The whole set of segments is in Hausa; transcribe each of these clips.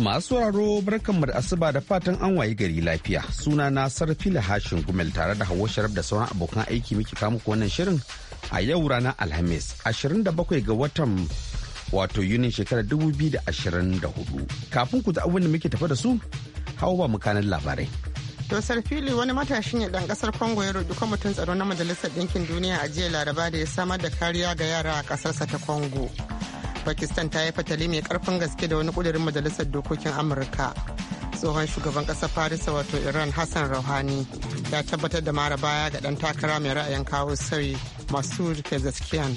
Masu sauraro barkanmu da asuba da fatan an waye gari lafiya. Suna na Sarfila Hashin Gumel tare da hawo Sharaf da sauran abokan aiki muke kamu ko wannan shirin a yau ranar Alhamis 27 ga watan wato Yunin shekarar 2024. Kafin ku ta abin da muke tafa da su, hau ba mu mukanin labarai. to fili wani matashin ya dan kasar Congo ya roƙi kwamitin tsaro na Majalisar Ɗinkin Duniya a jiya Laraba da ya samar da kariya ga yara a ƙasarsa ta Congo. pakistan ta yi fatali mai karfin gaske da wani kudirin majalisar dokokin amurka tsohon shugaban kasa farisa wato iran hassan rouhani ya tabbatar da mara baya ga dan takara mai ra'ayin kawo sauyi masud pezeskian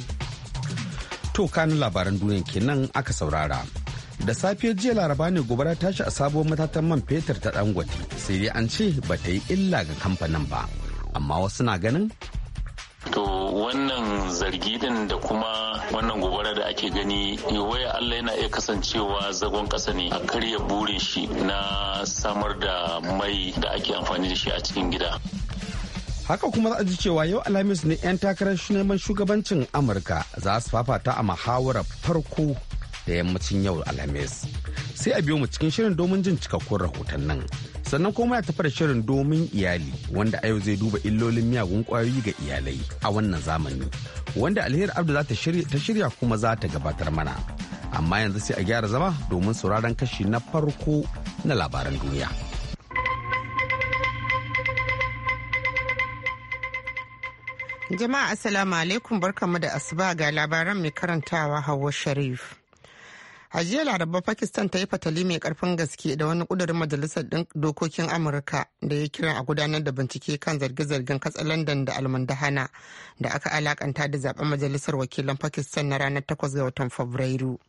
to kanin labaran duniya kenan aka saurara da safiyar jiya laraba ne gobara tashi a sabuwar matatan man fetur ta dangote sai dai an ce ba ta yi illa ga kamfanin ba amma wasu na ganin to wannan zargi da kuma wannan gobara da ake gani eh, waya Allah yana iya kasancewa zagon kasa ne a karya burin shi na samar da mai da ake amfani da shi a cikin gida. Haka kuma za a ji cewa yau Alhamis ne 'yan takarar neman shugabancin Amurka za su fafata a muhawarar farko da yammacin yau Alhamis. Sai a biyo mu cikin shirin domin jin cikakkun rahoton nan. sannan kuma ya tafi da shirin domin iyali wanda a yau zai duba illolin miyagun kwayoyi ga iyalai a wannan zamani wanda alheri abdu za ta shirya kuma za ta gabatar mana amma yanzu sai a gyara zama domin sauraron kashi na farko na labaran duniya jama'a assalamu alaikum barkamu da asuba ga labaran mai karantawa hawa sharif a jiya laraba pakistan ta yi fatali mai karfin gaske da wani kudurin majalisar dokokin amurka da ya kira a gudanar da bincike kan zarge-zargen katsa london da almundahana da aka alakanta da zaben majalisar wakilan pakistan na ranar 8 ga watan fabrairu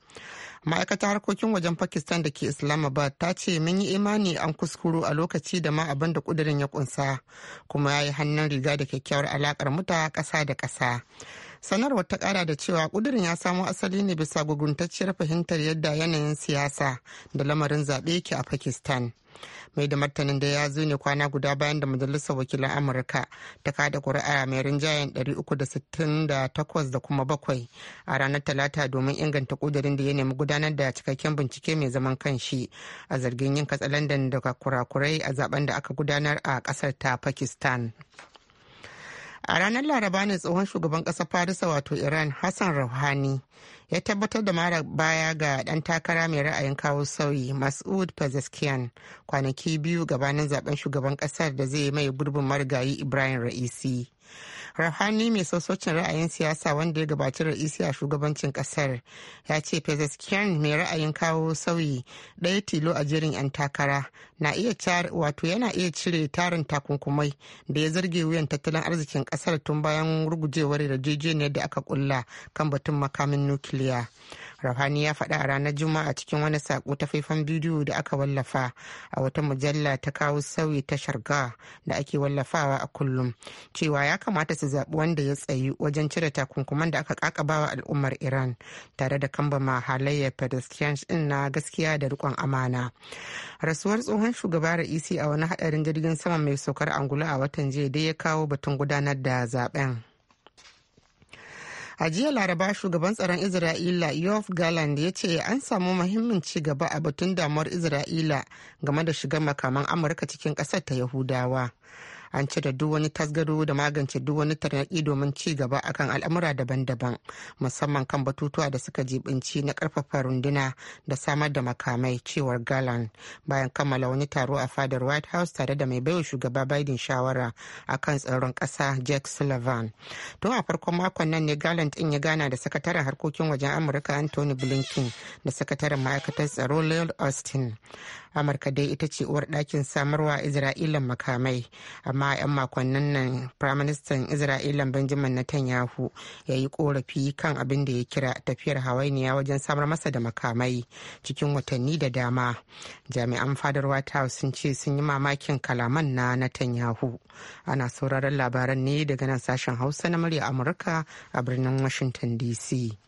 ma'aikatar harkokin wajen pakistan da ke islamabad ta ce mun yi imani an kuskuru a lokaci da ma abin da kudirin ya kunsa kuma ya yi hannun riga da kyakkyawar alakar muta ƙasa da ƙasa sanarwar ta kara da cewa kudirin ya samo asali ne bisa guguntacciyar fahimtar yadda yanayin siyasa da lamarin zaɓe yake a pakistan mai da martanin da ya zo ne kwana guda bayan da majalisar wakilan amurka ta kada kuri'a mai rinjayen 368 da kuma bakwai a ranar talata domin inganta kudirin da ya nemi gudanar da cikakken bincike mai zaman kanshi a zargin yin katsalandan daga kurakurai a zaben da aka gudanar a kasar ta pakistan a ranar laraba ne tsohon shugaban ƙasar farisa wato iran hassan rouhani ya tabbatar da mara baya ga ɗan takara mai ra'ayin kawo sauyi masud pezeskian kwanaki biyu gabanin zaben shugaban ƙasar da zai mai gurbin marigayi ibrahim ra'isi rahani mai sassaucin ra'ayin siyasa wanda ya gabaci ra'isi a shugabancin kasar ya ce pezeskian mai ra'ayin kawo sauyi ɗaya tilo a jerin 'yan takara na iya wato yana iya cire tarin takunkumai da ya zarge wuyan tattalin arzikin kasar tun bayan rugujewar yarjejeniyar da aka kulla kan batun makamin nukiliya. Rahani ya faɗa a ranar Juma'a cikin wani saƙo ta faifan bidiyo da aka wallafa a wata mujalla ta kawo sauyi ta sharga da ake wallafawa a kullum cewa ya kamata su zaɓi wanda ya tsayi wajen cire takunkuman da aka ƙaƙabawa al'ummar Iran tare da kambama halayyar pedestrians din na gaskiya da rikon amana. Rasuwar tsohon shugaba Ra'isi a wani haɗarin jirgin sama mai saukar angulu a watan jiya dai ya kawo batun gudanar da zaben. a jiya laraba shugaban tsaron isra'ila yof galand ya ce an samu muhimmin ci gaba a batun damuwar isra'ila game da shigar makaman amurka cikin ƙasar ta yahudawa an cire duk wani tasgaro da magance duk wani tarnaki domin ci gaba akan al'amura daban-daban musamman kan batutuwa da suka jibinci na ƙarfafa runduna da samar da makamai cewar galan bayan kammala wani taro a fadar white house tare da mai baiwa shugaba biden shawara akan tsaron ƙasa jack sullivan tun a farkon makon nan ne galan ɗin ya gana da sakataren harkokin wajen amurka anthony blinken da sakataren ma'aikatar tsaro lloyd austin amurka dai ita ce uwar ɗakin samarwa isra'ilan makamai amma 'yan makonnin nan firaministan isra'ilan benjamin netanyahu ya yi korafi kan abin da ya kira tafiyar hawainiya wajen samar masa da makamai cikin watanni da dama jami'an fadar white house sun ce sun yi mamakin kalaman na netanyahu ana sauraron labaran ne daga nan sashen hausa na murya amurka a birnin washington dc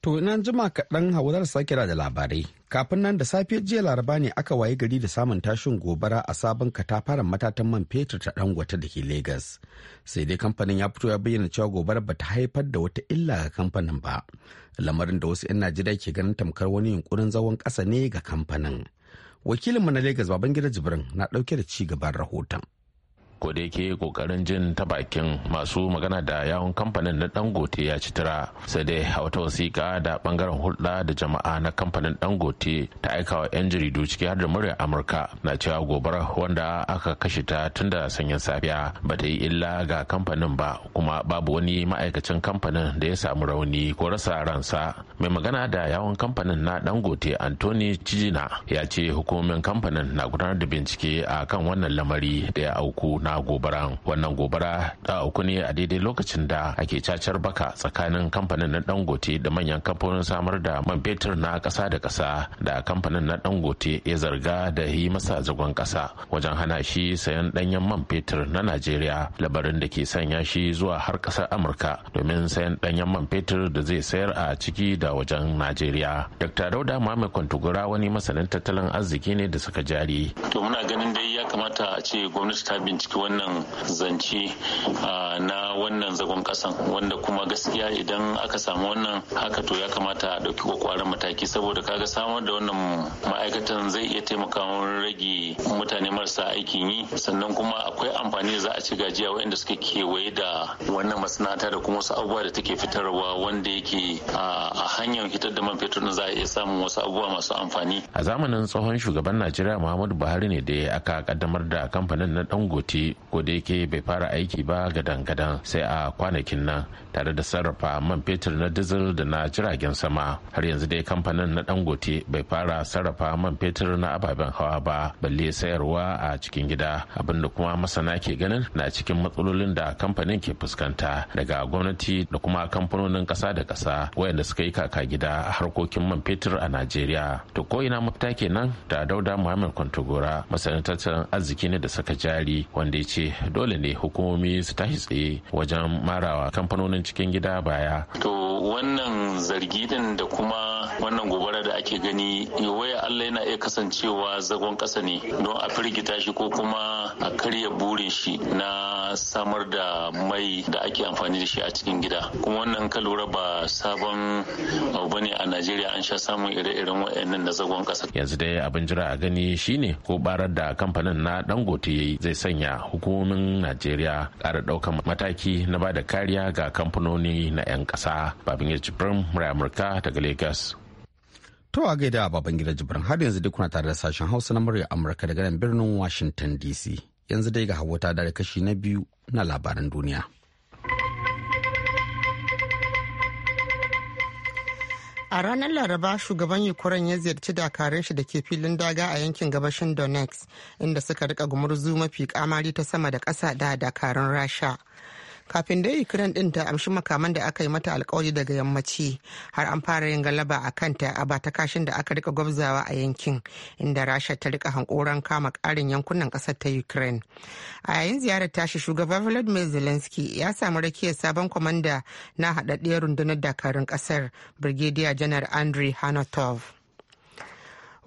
To ina jima kaɗan hawazar sake da labarai. Kafin nan da safe jiya laraba ne aka waye gari da samun tashin gobara a sabon katafaren matatan man fetur ta dangwata da ke Legas. Sai dai kamfanin ya fito ya bayyana cewa gobarar ta haifar da wata illa ga kamfanin ba. Lamarin da wasu 'yan Najeriya ke ganin tamkar wani yunkurin zawon ƙasa ne ga kamfanin. Wakilinmu na Legas Babangida Jibrin na ɗauke da ci gaban rahoton. ko da yake kokarin jin ta bakin masu magana da yawon kamfanin na dangote ya ci tura sai dai a wata wasiƙa da bangaren hulɗa da jama'a na kamfanin dangote ta aikawa 'yan jaridu ciki har da murya amurka na cewa gobara wanda aka kashe ta tun da sanyin safiya ba ta yi illa ga kamfanin ba kuma babu wani ma'aikacin kamfanin da ya samu rauni ko rasa ransa mai magana da yawon kamfanin na dangote Antony cijina ya ce hukumomin kamfanin na gudanar da bincike a kan wannan lamari da ya auku na gobara wannan gobara ta auku ne a daidai lokacin da ake cacar baka tsakanin kamfanin na dangote da manyan kamfanin samar da man fetur na kasa da kasa da kamfanin na dangote ya zarga da yi masa zagon kasa wajen hana shi sayan danyen man fetur na najeriya labarin da ke sanya shi zuwa har kasar amurka domin sayan danyen man fetur da zai sayar a ciki da wajen najeriya dr dauda muhammad kwantugura wani masanin tattalin arziki ne da suka jari to muna ganin dai ya kamata a ce gwamnati ta binciki wannan zance na wannan zagon kasan wanda kuma gaskiya idan aka samu wannan haka to ya kamata a ɗauki kwakwaran mataki saboda kaga samar da wannan ma'aikatan zai iya taimakawa rage mutane marasa aikin yi sannan kuma akwai amfani da za a ci gajiya waɗanda suke kewaye da wannan masana'anta da kuma wasu abubuwa da take fitarwa wanda yake a hanyar fitar da man fetur za a iya samun wasu abubuwa masu amfani a zamanin tsohon shugaban najeriya muhammadu buhari ne da aka kaddamar da kamfanin na dangote shi ko bai fara aiki ba gadan-gadan sai a kwanakin nan tare da sarrafa man fetur na dizil da na jiragen sama har yanzu dai kamfanin na dangote bai fara sarrafa man fetur na ababen hawa ba balle sayarwa a cikin gida abinda kuma masana ke ganin na cikin matsalolin da kamfanin ke fuskanta daga gwamnati da kuma kamfanonin kasa da kasa wayanda suka yi kaka gida a harkokin man fetur a najeriya to ko ina mafita kenan da dauda muhammad kwantogora masanin tattalin arziki ne da saka jari wanda ya ce dole ne hukumomi su tashi tsaye wajen marawa kamfanonin cikin gida baya. To wannan zargi din da kuma wannan gobara da ake gani waya Allah yana iya kasancewa zagon ƙasa ne don a firgita shi ko kuma a karya burin shi na samar da mai da ake amfani da shi a cikin gida. Kuma wannan kalura ba sabon abu ne a Najeriya an sha samun ire-iren waɗannan na zagon ƙasa. Yanzu dai abin jira a gani shine ko barar da kamfanin na Dangote zai sanya hukumomin Najeriya ƙara ɗaukan mataki na ba da kariya ga kamfanin kamfanoni na 'yan kasa babangida jibrin murai amurka daga lagos to a gaida a babangida jibrin har yanzu duk kuna tare da sashen hausa na murya amurka daga nan birnin washington dc yanzu dai ga hawa ta da kashi na biyu na labaran duniya A ranar Laraba shugaban Ukraine ya ziyarci dakarun shi da ke filin daga a yankin gabashin Donetsk inda suka rika gumurzu mafi kamari ta sama da kasa da dakarun Rasha. kafin da ukraine din ta amshi makaman da aka yi mata alkawari daga yammaci har an fara yin galaba a kanta a bata kashin da aka rika gwabzawa a yankin inda rasha ta rika hankoran kama karin yankunan kasar ta ukraine a yayin ziyarar tashi shugaban vladimir zelensky ya samu rakiyar sabon kwamanda na haɗaɗɗiyar rundunar dakarun kasar brigadier janar andrei hanatov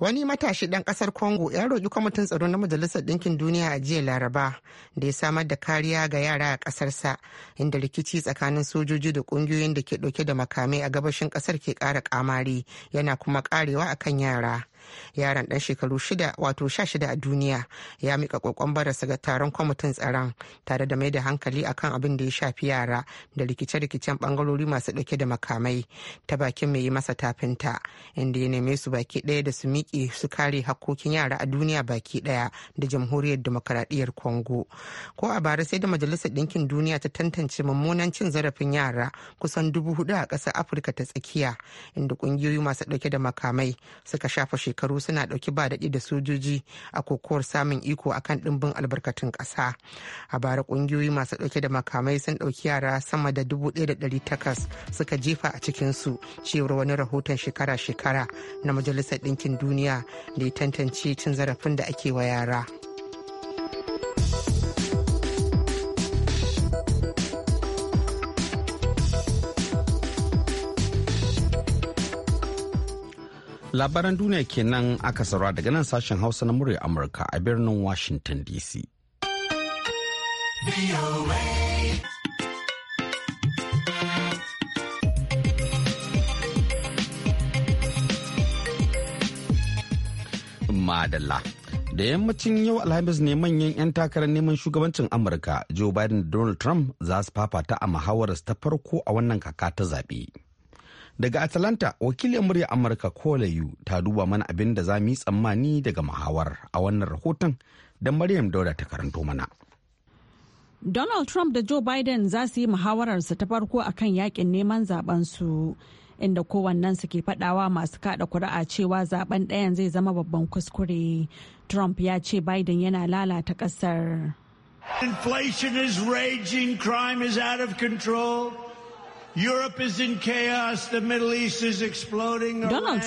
wani matashi ɗan ƙasar congo ya roƙi kwamitin tsaro na majalisar ɗinkin duniya a jiya laraba da ya samar da kariya ga yara a ƙasarsa inda rikici tsakanin sojoji da ƙungiyoyin da ke ɗauke da makamai a gabashin ƙasar ke ƙara ƙamari yana kuma ƙarewa akan yara yaran dan shekaru shida wato sha shida a duniya ya mika kokon barasa ga taron kwamitin tsaron tare da mai da hankali akan abin da ya shafi yara da rikice-rikicen bangarori masu dauke da makamai ta bakin mai yi masa tafinta inda ya neme su baki daya da su miƙe su kare hakkokin yara a duniya baki daya da jamhuriyar demokaradiyyar congo ko a bara sai da majalisar ɗinkin duniya ta tantance mummunan cin zarafin yara kusan dubu hudu a ƙasar afirka ta tsakiya inda ƙungiyoyi masu ɗauke da makamai suka shafa shekaru suna ɗauki ba daɗi da sojoji a kokowar samun iko akan ɗimbin albarkatun ƙasa a bara ƙungiyoyi masu ɗauke da makamai sun ɗauki yara sama da dubu ɗaya da ɗari takwas suka jefa a cikinsu cewar wani rahoton shekara-shekara na majalisar ɗinkin duniya da ya tantance cin zarafin da ake wa yara. labaran duniya kenan aka saura daga nan sashen hausa na murya amurka a birnin washington dc madalla da yammacin yau alhamis ne manyan 'yan takarar neman shugabancin amurka joe biden da donald trump za su fafata a muhawarar ta farko a wannan kaka ta zaɓe. Daga Atlanta, wakilin murya Amurka Kolayu ta duba mana abin da za mu yi tsammani daga muhawar a wannan rahoton da Maryam Dauda ta karanto mana. Donald Trump da Joe Biden za su yi muhawararsu ta farko a kan yakin neman su inda su ke fadawa masu kada kuri'a cewa zaben ɗayan zai zama babban kuskure. Trump ya ce Biden yana lalata ƙasar. Inflation is raging, crime is out of control. Donald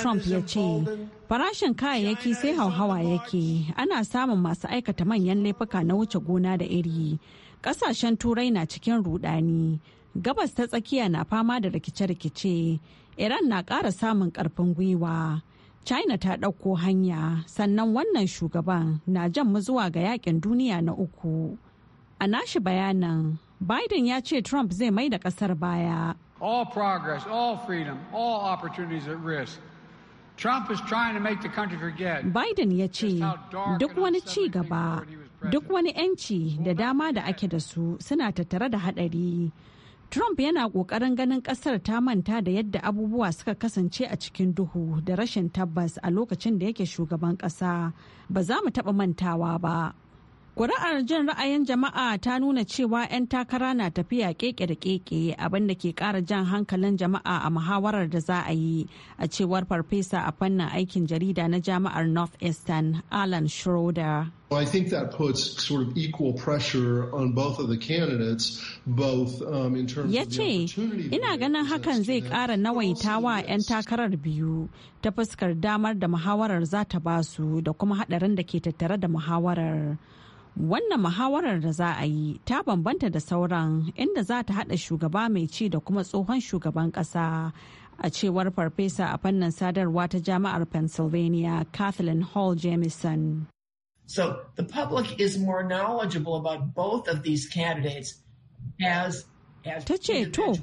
Trump ya ce, farashin kayayyaki sai hauhawa yake, ana samun masu aikata manyan laifuka na wuce gona da iri. Kasashen turai na cikin rudani, gabas ta tsakiya na fama da rikice-rikice, Iran na ƙara samun ƙarfin gwiwa. China ta ɗauko hanya, sannan wannan shugaban na jan mu zuwa ga yakin duniya na uku. A nashi bayanan Biden ya ce Trump zai mai da ƙasar baya. All progress, all freedom, all opportunities at risk. Trump is trying to make the country forget. Biden ya ce duk wani ci gaba, duk wani 'yanci da dama da ake da su suna tattare da haɗari. Trump yana ƙoƙarin ganin ƙasar ta manta da yadda abubuwa suka kasance a cikin duhu da rashin tabbas a lokacin da yake shugaban ƙasa. Ba za mu taɓa mantawa ba. Kuri'ar jin ra'ayin jama'a ta nuna cewa 'yan takara na tafiya keke da keke abinda ke kara jan hankalin jama'a a muhawarar da za a yi a cewar farfesa a fannin aikin jarida na jami'ar Northeastern Alan Schroeder. Well, I think that puts sort of equal pressure on both of the candidates, both um, in terms Yace, of the opportunity. ina ganin hakan zai ƙara nawaita wa 'yan takarar biyu ta fuskar damar da muhawarar za ta basu da kuma haɗarin da ke tattare da muhawarar. Wannan muhawarar da za a yi ta bambanta da sauran inda za ta haɗa shugaba mai ci da kuma tsohon shugaban ƙasa a cewar farfesa a fannin sadarwa ta jami'ar Pennsylvania Kathleen Hall Jamison. So the public is more knowledgeable about both of these candidates as, as Ta ce to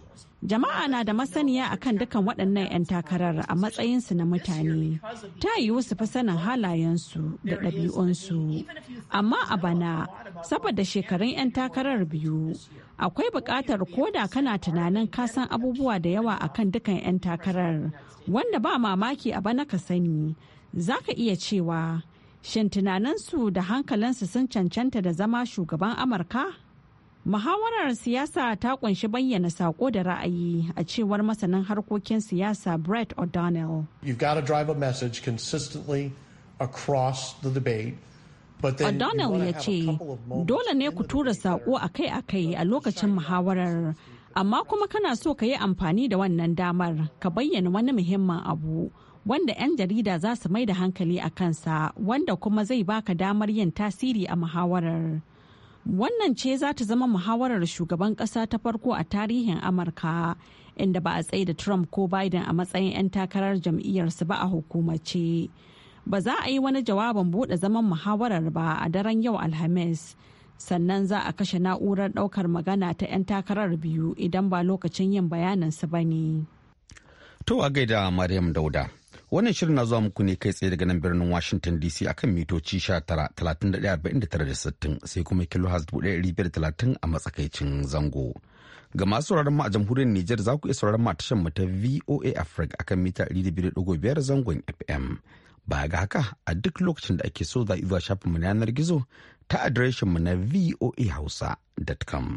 Jama'a na da masaniya akan dukan waɗannan 'yan takarar a matsayinsu na mutane. Ta yi su fi halayensu da ɗabi'unsu. Amma a bana, saboda shekarun 'yan takarar biyu, akwai buƙatar ko koda kana tunanin kasan abubuwa da yawa akan dukan 'yan takarar, wanda ba mamaki a bana ka sani, za ka iya cewa, shin tunaninsu da hankalinsu sun cancanta da zama shugaban Amurka? Muhawarar siyasa ta kunshi bayyana sako da ra'ayi a cewar masanin harkokin siyasa Brett O'Donnell. You've got to drive a message consistently across the debate. O'Donnell ya ce, dole ne ku tura sako akai-akai a lokacin muhawarar, amma kuma kana so ka yi amfani da wannan damar ka bayyana wani muhimmin abu wanda 'yan jarida za su mai da hankali a kansa wanda kuma zai baka damar yin tasiri a muhawarar. Wannan ce za ta zama muhawarar shugaban ƙasa ta farko a tarihin Amurka, inda ba a tsaye da Trump ko Biden a matsayin 'yan takarar jam'iyyarsu ba a hukumace. Ba za a yi wani jawabin buɗe zaman muhawarar ba a daren yau Alhamis. Sannan za a kashe na'urar ɗaukar magana ta 'yan takarar biyu idan ba lokacin yin bayaninsu ba ne. To a gaida Maryam Dauda. Wannan shirin na zuwa muku ne kai tsaye daga nan birnin Washington DC akan mitoci 19,31,49,60 sai kuma kilohaz 1,530 a matsakaicin zango. Ga masu sauraron mu a jamhuriyar Nijar za ku iya sauraron mu tashar mu ta VOA Africa akan mita 200.5 zangon FM. Ba ga haka a duk lokacin da ake so za zuwa shafin mu yanar gizo ta adireshin mu na voahausa.com.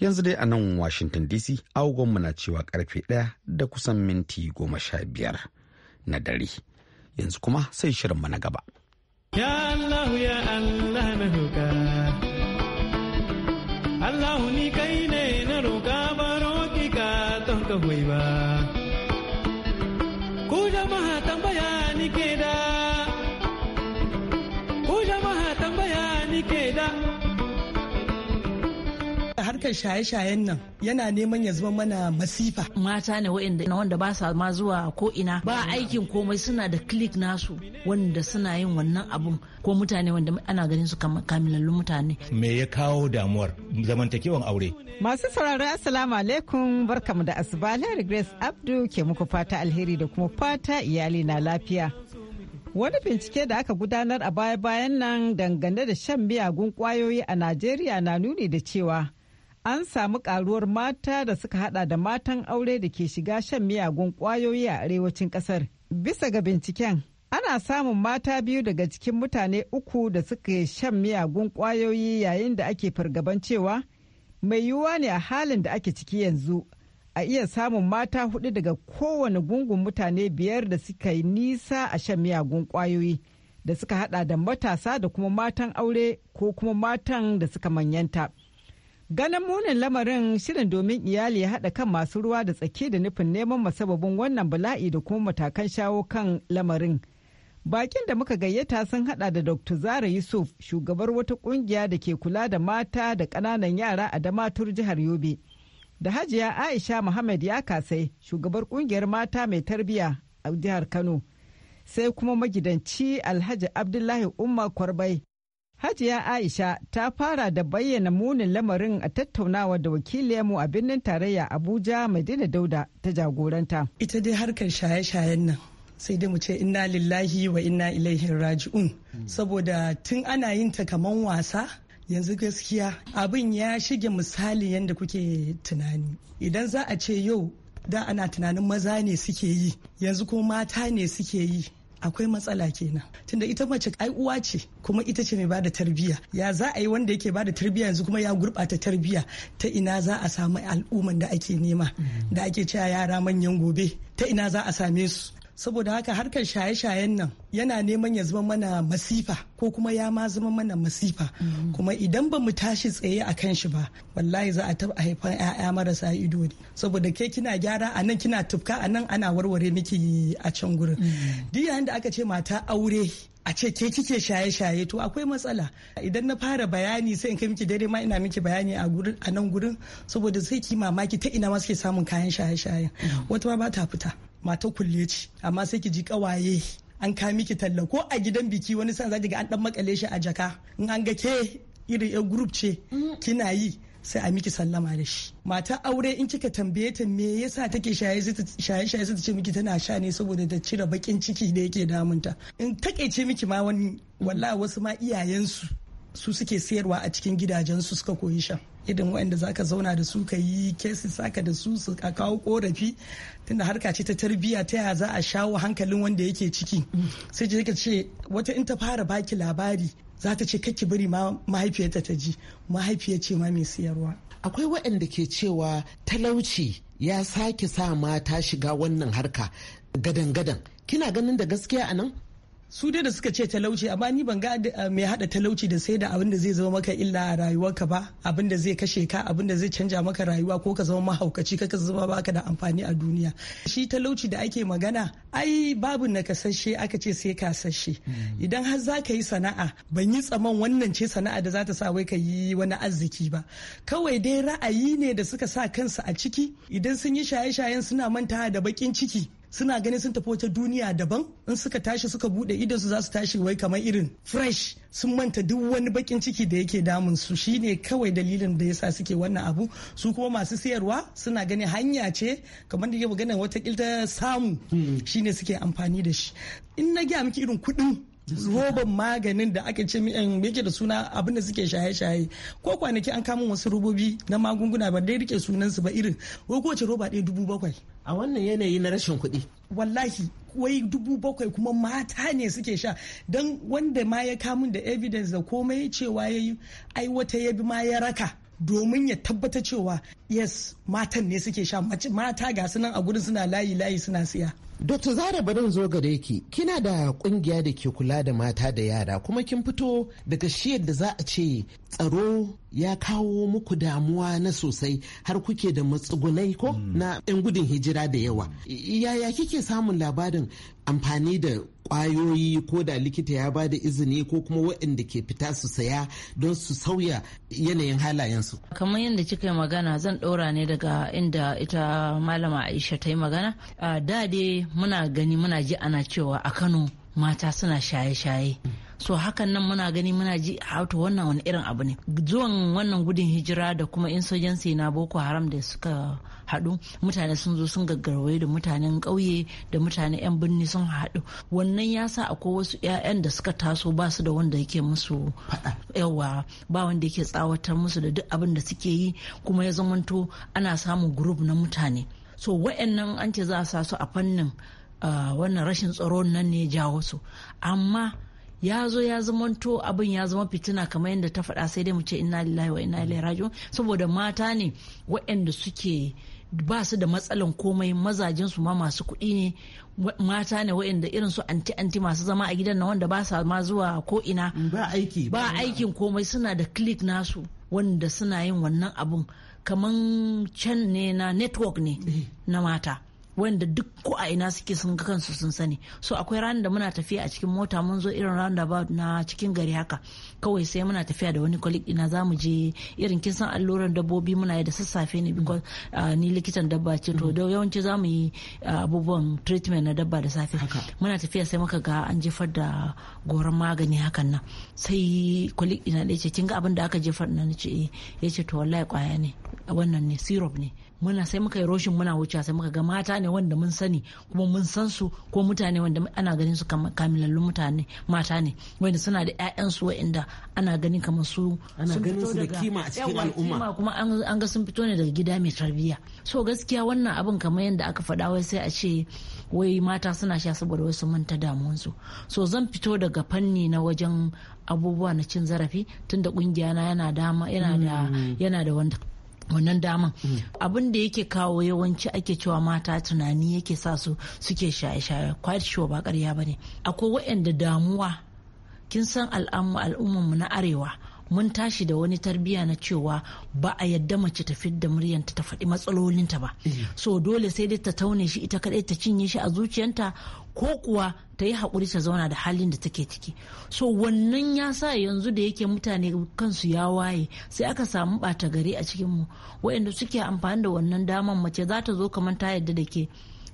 Yanzu dai a nan Washington DC agogon mu na cewa karfe 1 da kusan minti 15. na dare yanzu kuma sai shirinmu na gaba ya Allah ya Allah na roƙa Allah ni kai ne na roƙa ba roƙi ka ton ka ba ku jama'a tambaya ni ke da harkar shaye-shayen nan yana neman ya zama mana masifa mata ne waɗanda wanda ba sa ma zuwa ko ina ba aikin komai suna da click nasu wanda suna yin wannan abun ko mutane wanda ana ganin su kamilallun mutane me ya kawo damuwar zamantakewan aure masu sauraro assalamu alaikum barkamu da asuba Larry Grace Abdu ke muku fata alheri da kuma fata iyali na lafiya Wani bincike da aka gudanar a baya-bayan nan dangane da shan miyagun kwayoyi a Najeriya na nuni da cewa an samu karuwar mata da suka hada da matan aure da ke shiga shan miyagun kwayoyi a arewacin kasar. Bisa ga binciken, ana samun mata biyu daga cikin mutane uku da suka shan miyagun kwayoyi yayin da ake fargaban cewa mai yiwuwa ne a halin da ake ciki yanzu. A iya samun mata hudu daga kowane gungun mutane biyar da suka yi nisa a shan miyagun kwayoyi da suka hada da matasa da kuma matan aure ko kuma matan da suka manyanta. Ganin munin lamarin shirin domin iyali ya haɗa kan masu ruwa da tsaki da nufin neman masababin wannan bala'i da kuma matakan shawo kan lamarin. Bakin da muka gayyata sun haɗa da Dr. Zara Yusuf, shugabar wata ƙungiya da ke kula da mata da ƙananan yara a Damatur jihar Yobe. Da Hajiya Aisha Muhammad ya kasai, shugabar ƙungiyar mata mai tarbiya a jihar Kano. Sai kuma magidanci Alhaji Abdullahi umar Kwarbai, Hajiya Aisha ta fara da bayyana munin lamarin a tattaunawa da wakiliyarmu a birnin tarayya Abuja Madina Dauda ta jagoranta. Ita dai harkar shaye-shayen nan sai dai mu ce inna lillahi wa inna ilaihi raji'un saboda tun ana yin ta kaman wasa yanzu gaskiya abin ya shige misali yadda kuke tunani idan za a ce yau da ana tunanin maza ne suke yi yanzu ko mata ne suke yi akwai matsala kenan tunda ita mace ai uwa ce kuma ita ce mai bada tarbiyya ya za a yi wanda yake bada tarbiyya yanzu kuma ya gurɓata tarbiyya ta ina za a samu al'umman da ake nema da ake cewa yara manyan gobe ta ina za a same su saboda haka harkar shaye-shayen nan yana neman ya zama mana masifa ko kuma ya ma zama mana masifa mm-hmm. kuma idan ba mu tashi tsaye a kan shi ba wallahi za a taba haifan 'ya'ya marasa ido ne saboda ke kina gyara a nan kina tufka a nan ana warware miki a can gurin mm-hmm. duk yayin da aka ce mata aure a ce ke kike shaye-shaye to akwai matsala idan na fara bayani sai in kai miki dare ma ina miki bayani a nan gurin saboda sai ki mamaki ta ina ma suke samun kayan shaye-shaye mm-hmm. wata ma ba ta fita mata kulle ce amma sai ki ji kawaye an ka miki talla ko a gidan biki wani san zaki ga an dan makale shi a jaka in an ga ke irin yan group ce kina yi sai a miki sallama da shi mata aure in kika tambaye ta me yasa take shaye shaye shaye ce miki tana sha ne saboda ta cire bakin ciki da yake damunta in takeice miki ma wani wallahi wasu ma iyayensu su suke sayarwa a cikin gidajensu suka koyi shan irin waɗanda za ka zauna da su ka yi kesi saka da su su kawo korafi tunda harka ce ta tarbiyya ta yaya za a shawo hankalin wanda yake ciki sai ka ce wata in ta fara baki labari za ta ce kake bari ma mahaifiyarta ta ji mahaifiyar ce ma mai siyarwa akwai waɗanda ke cewa talauci ya sake sa mata shiga wannan harka gadan-gadan kina ganin da gaskiya a nan su dai da suka ce talauci amma ni ban ga mai hada talauci da sai da abin da zai zama maka illa a rayuwarka ba abin da zai kashe ka abin da zai canja maka rayuwa ko ka zama mahaukaci ka zama baka da amfani a duniya shi talauci da ake magana ai babu na sashe aka ce sai ka sashe hmm. idan har za ka yi sana'a ban yi tsaman wannan ce sana'a da za ta sa wai ka yi wani arziki ba kawai dai ra'ayi ne da suka sa kansu a ciki idan sun yi shaye-shayen suna mantawa da bakin ciki suna ganin sun tafi wata duniya daban in suka tashi suka bude idan su za su tashi wai kamar irin fresh sun manta duk wani bakin ciki da yake damun su shine kawai dalilin da yasa suke wannan abu su kuma masu sayarwa suna ganin hanya ce kamar da yake magana wata kilta samu shine suke amfani da shi in na gaya miki irin kuɗi. roban maganin da aka ce min yake da suna abin da suke shaye-shaye ko kwanaki an kama wasu robobi na magunguna ba dai rike sunansu ba irin wai kowace roba ɗaya dubu bakwai a wannan yanayi na rashin kuɗi wallahi wai dubu bakwai kuma mata ne suke sha don wanda ma ya kamun da evidence da komai cewa ya yi ai wata ya bi ma ya raka domin ya tabbata cewa yes matan ne suke sha mata ga sunan a gurin suna layi layi suna siya Dr. Zara Barin zo gare ki kina da kungiya da ke kula da mata da yara kuma kin fito daga shi da za a ce tsaro ya kawo muku damuwa na sosai har kuke da matsugunai ko mm. na 'yan gudun hijira da yawa. Yaya kike samun labarin amfani da kwayoyi ko da likita ya ba da izini ko kuma waɗanda ke fita su saya don su sauya yanayin halayen su. kamar yadda kika yi magana zan ɗora ne daga inda ita malama aisha ta yi magana da dai muna gani muna ji ana cewa a kano mata suna shaye-shaye. so hakan nan muna gani muna ji to wannan wani irin abu ne zuwan wannan gudun hijira da kuma insurgency na boko haram da suka hadu mutane sun zo sun gaggarwaye da mutanen kauye da mutane 'yan birni sun haɗu wannan ya sa akwai wasu 'ya'yan da suka taso ba su da wanda yake musu yawa ba wanda yake tsawatar musu da duk abin da suke yi kuma ya zamanto ana samun group na mutane so wa'annan an ce za a sa su a fannin ah, wannan rashin tsaro nan ne ya jawo su amma ya zo ya zamanto abin ya zama fitina kamar yadda ta faɗa sai dai mu ce inna lillahi wa inna ilaihi raji'un saboda mata ne waɗanda suke ba su da matsalan komai mazajen su ma masu kuɗi ne mata ne waɗanda irin su anti anti masu zama a gidan na wanda ba sa ma zuwa ko ina ba aiki ba aikin komai suna da click nasu wanda suna yin wannan abun kaman can ne na network ne eh. na mata wanda duk ko a ina suke sun ga kansu sun sani so akwai ranar da muna tafiya a cikin mota mun zo irin roundabout na cikin gari haka kawai sai muna tafiya da wani colleague ina za mu je irin kin san alluran dabbobi muna yi da sassafe ne because ni likitan dabba ce to da yawanci za mu yi abubuwan treatment na dabba da safe muna tafiya sai muka ga an jefar da goron magani hakan nan sai colleague ina ɗaya ce kin ga abin da aka jefar nan ce eh. ya ce to wallahi kwaya ne wannan ne syrup ne muna sai muka yi roshin muna wuce sai muka ga mata ne wanda mun sani kuma mun san su ko mutane wanda ana ganin su kamilallu mutane mata ne wanda suna da ƴaƴan su wanda ana ganin kamar su ana ganin su da kima a cikin al'umma kuma an ga sun fito ne daga gida mai tarbiyya so gaskiya wannan abin kamar yadda aka faɗa wai sai a ce wai mata suna sha saboda wasu manta damuwansu so zan fito daga fanni na wajen abubuwa na cin zarafi tunda kungiya na yana da hmm. yana da wanda wannan dama mm. abin da yake kawo yawanci ake cewa mata tunani yake sa su suke shaye-shaye quite sure ba ƙarya bane akwai waɗanda damuwa kin san al'umma mu na arewa mun tashi da wani tarbiya na cewa ba a yadda mace ta fidda muryanta ta faɗi matsalolin ta ba eh. so dole sai dai ta taune shi ita kaɗai ta cinye shi a zuciyanta ko kuwa ta yi haƙuri ta zauna da halin da take ciki so wannan ya sa yanzu da yake mutane kansu ya waye sai aka samu ɓata gari a cikinmu waɗanda suke amfani da wannan daman mace za ta zo kamar ta yadda da ke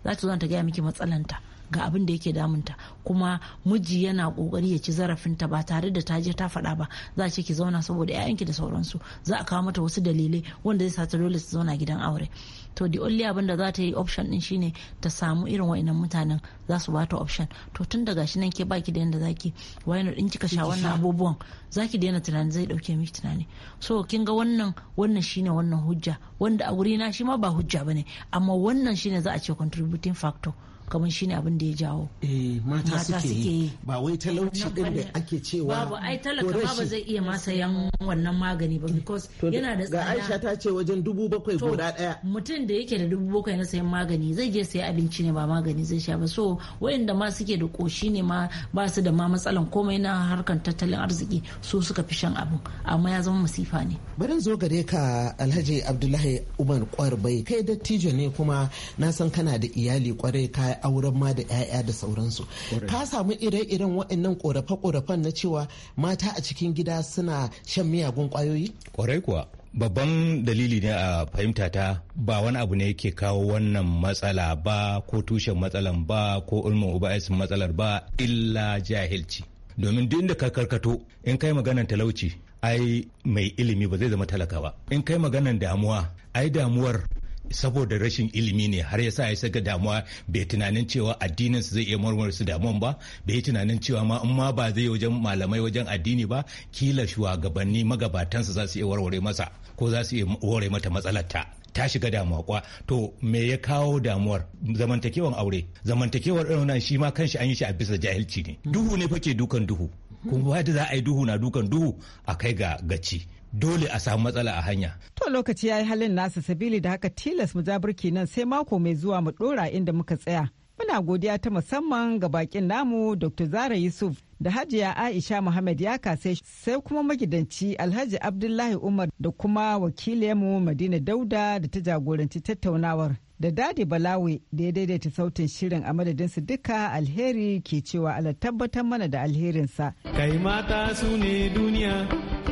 za ta zo ta gaya miki matsalanta ga abin da yake damunta kuma miji yana kokari ya ci zarafin ta ba tare da ta je ta faɗa ba za a ce ki zauna saboda 'ya'yanki da sauransu za a kawo mata wasu dalilai wanda zai sa ta dole su zauna gidan aure to the only abin da za ta yi option din shine ta samu irin wa'inan mutanen za su bata option to tun daga shi nan ke baki da yanda zaki wayano in kika sha wannan abubuwan zaki daina tunani zai dauke miki tunani so kin ga wannan wannan shine wannan hujja wanda a wuri na shi ma ba hujja bane amma wannan shine za a ce contributing factor kamar shine abin da ya jawo eh mata suke yi ba wai talauci din da ake cewa babu ai talaka ba zai iya ma sayan wannan magani ba because yana da tsada ga Aisha ta ce wajen dubu bakwai guda daya mutum da yake da dubu bakwai na sayan magani zai je sayi abinci ne ba magani zai sha ba so wayanda ma suke da koshi ne ma ba su da ma matsalan komai na harkan tattalin arziki su suka fi shan abin amma ya zama masifa ne barin zo gare ka Alhaji Abdullahi Umar Kwarbai kai dattijo ne kuma na san kana da iyali kwarai kaya. auren ma da 'ya'ya da sauransu ka samu ire-iren waɗannan korafe-korafen na cewa mata a cikin gida suna shan miyagun kwayoyi kwarai kuwa babban dalili ne a fahimta ta ba wani abu ne yake kawo wannan matsala ba ko tushen matsalan ba ko ulmin ubaisin matsalar ba illa jahilci domin duk inda ka karkato in kai maganan talauci ai mai ilimi ba zai zama talaka ba in kai maganan damuwa ai damuwar saboda rashin ilimi ne har yasa ya saka damuwa bai tunanin cewa addinin su zai iya murmur su damuwan ba bai tunanin cewa ma in ma ba zai wajen malamai wajen addini ba kila shugabanni magabatansa za su iya warware masa ko za su iya warware mata matsalar ta shiga damuwa kwa to me ya kawo damuwar zamantakewar aure zamantakewar irin nan shi ma kan shi an yi shi a bisa jahilci ne duhu ne fa ke dukan duhu kuma ba da za a yi duhu na dukan duhu a kai ga gaci dole a samu matsala a hanya. To lokaci ya yi halin nasa sabili da haka tilas mu birki nan sai mako mai zuwa mu ɗora inda muka tsaya. Muna godiya ta musamman ga bakin namu Dr. Zara Yusuf da Hajiya Aisha Muhammad ya kase sai kuma magidanci Alhaji Abdullahi Umar da kuma wakiliyarmu Madina Dauda da ta jagoranci tattaunawar. da dadi balawe da ya daidaita sautin shirin a madadinsu duka alheri ke cewa ala tabbatar mana da alherinsa kai mata su ne duniya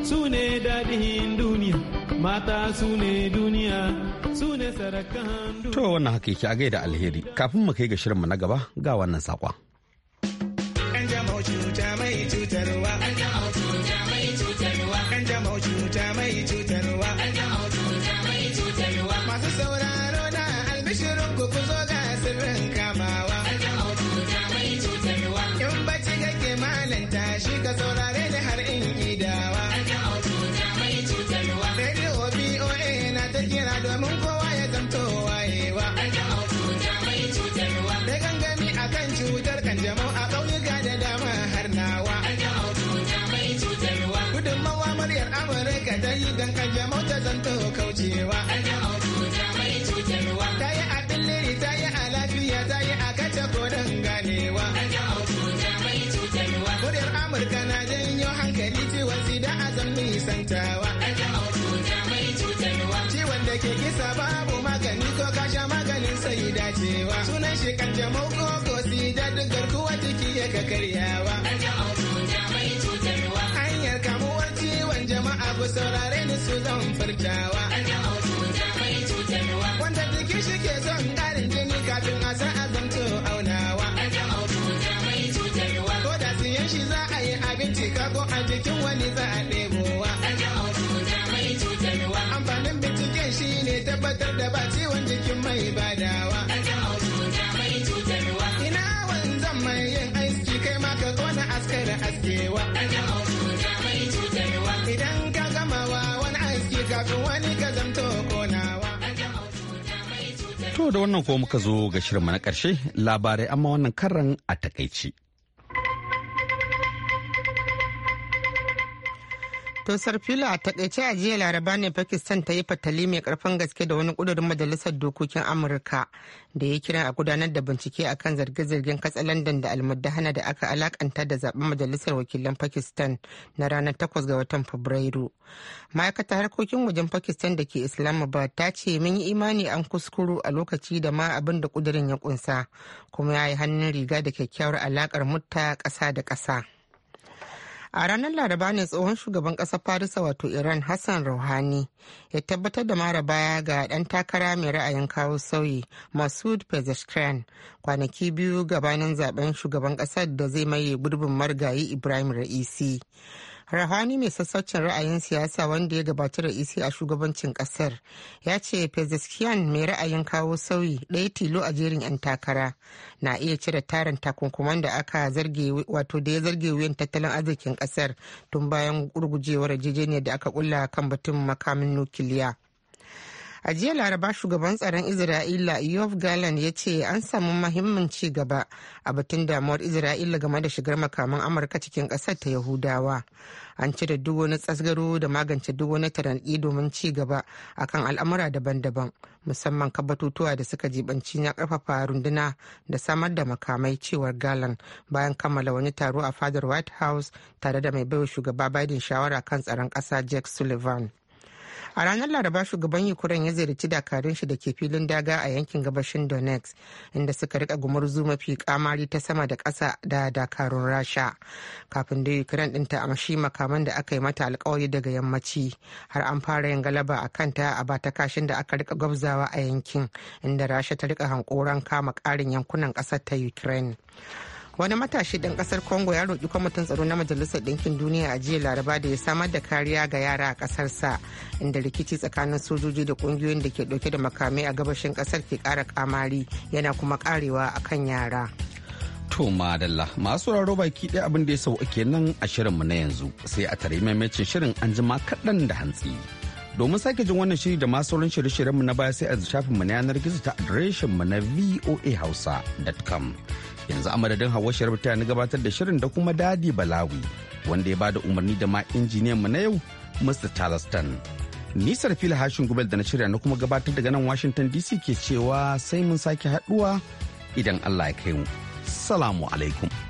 su ne dadihin duniya mata su ne duniya su ne sarakan duniya to wannan haka yake a gaida alheri kafin mu kai ga shirinmu na gaba ga wannan sakon cuta mai cutarwa shi kanjamau ko gosi da duk garkuwa jiki ya ka karyawa. Hanyar kamuwar ciwon jama'a ku saurare ni su zan furtawa. Wanda jiki shi ke son ƙarin jini kafin a sa azamto aunawa. Ko da siyan shi za a yi abinci ka ko a jikin wani za a ɗebowa. Amfanin binciken shi ne tabbatar da ba ciwon jikin mai badawa. askewa idan ka gamawa wani aski kafin wani ka zamto konawa to da wannan ko muka zo ga shirinmu na karshe labarai amma wannan karan a takaici To Sarfila a takaice a jiya laraba ne Pakistan ta yi fatali mai karfin gaske da wani kudurin majalisar dokokin Amurka da ya kira a gudanar da bincike a akan zarge-zargen katsalandan da almudahana da aka alakanta da zaben majalisar wakilan Pakistan na ranar 8 ga watan Fabrairu. Ma'aikatar harkokin wajen Pakistan da ke Islamabad ta ce mun yi imani an kuskuru a lokaci da ma abin da kudurin ya kunsa kuma ya yi hannun riga da kyakkyawar alakar mutta ƙasa da ƙasa. a ranar laraba ne tsohon shugaban ƙasar farisa wato iran hassan rouhani ya tabbatar da mara baya ga ɗan takara mai ra'ayin kawo sauyi masud pezeshkian kwanaki biyu gabanin zaben shugaban ƙasar da zai maye gurbin margayi ibrahim ra'isi rahani mai sassaucin ra'ayin siyasa wanda ya gabata da isi a shugabancin kasar ya ce pezeskiyan mai ra'ayin kawo sauyi ɗaya tilo a jerin 'yan takara na iya cire tarin takunkuman da aka zarge wato da ya zarge wuyan tattalin arzikin kasar tun bayan gurgujewar yarjejeniyar da aka kulla kan batun makamin nukiliya a jiya laraba shugaban tsaron isra'ila yov galan ya ce an samu mahimmin ci gaba a batun damuwar isra'ila game da shigar makaman amurka cikin ƙasar ta yahudawa an cire duk wani tsasgaro da magance duk wani taranki domin ci gaba akan al'amura daban-daban musamman ka batutuwa da suka jibanci na karfafa runduna da samar da makamai cewar galan bayan kammala wani taro a fadar white house tare da mai baiwa shugaba biden shawara kan tsaron ƙasa jack sullivan a ranar laraba shugaban ukraine ya ziyarci dakarun shi da ke filin daga a yankin gabashin donetsk inda suka rika gumurzu mafi kamari ta sama da kasa da dakarun rasha kafin da ukraine din ta amshi makaman da aka yi mata alkawari daga yammaci har an fara yin galaba a kanta a bata kashin da aka rika gwabzawa a yankin inda rasha ta rika hankoran kama karin yankunan ƙasar ta ukraine wani matashi dan kasar congo ya roƙi kwamitin tsaro na majalisar ɗinkin duniya a jiya laraba da ya samar da kariya ga yara a ƙasarsa inda rikici tsakanin sojoji da ƙungiyoyin da ke ɗauke da makamai a gabashin ƙasar ke ƙara kamari yana kuma karewa a kan yara to madalla masu raro baki ɗaya abin da ya sauka nan a shirinmu na yanzu sai a tare maimacin shirin an jima kaɗan da hantsi domin sake jin wannan shiri da masu sauran shirye-shiryenmu na baya sai a shafinmu na yanar gizo ta adireshinmu na voahausa.com yanzu Amadadin madadin hawa sharif ta yana gabatar da shirin da kuma dadi balawi wanda ya bada umarni da ma injiniyan mu na yau mr talaston nisar fili hashin gubel da na shirya na kuma gabatar daga nan washington dc ke cewa sai mun sake haduwa idan allah ya kai mu salamu alaikum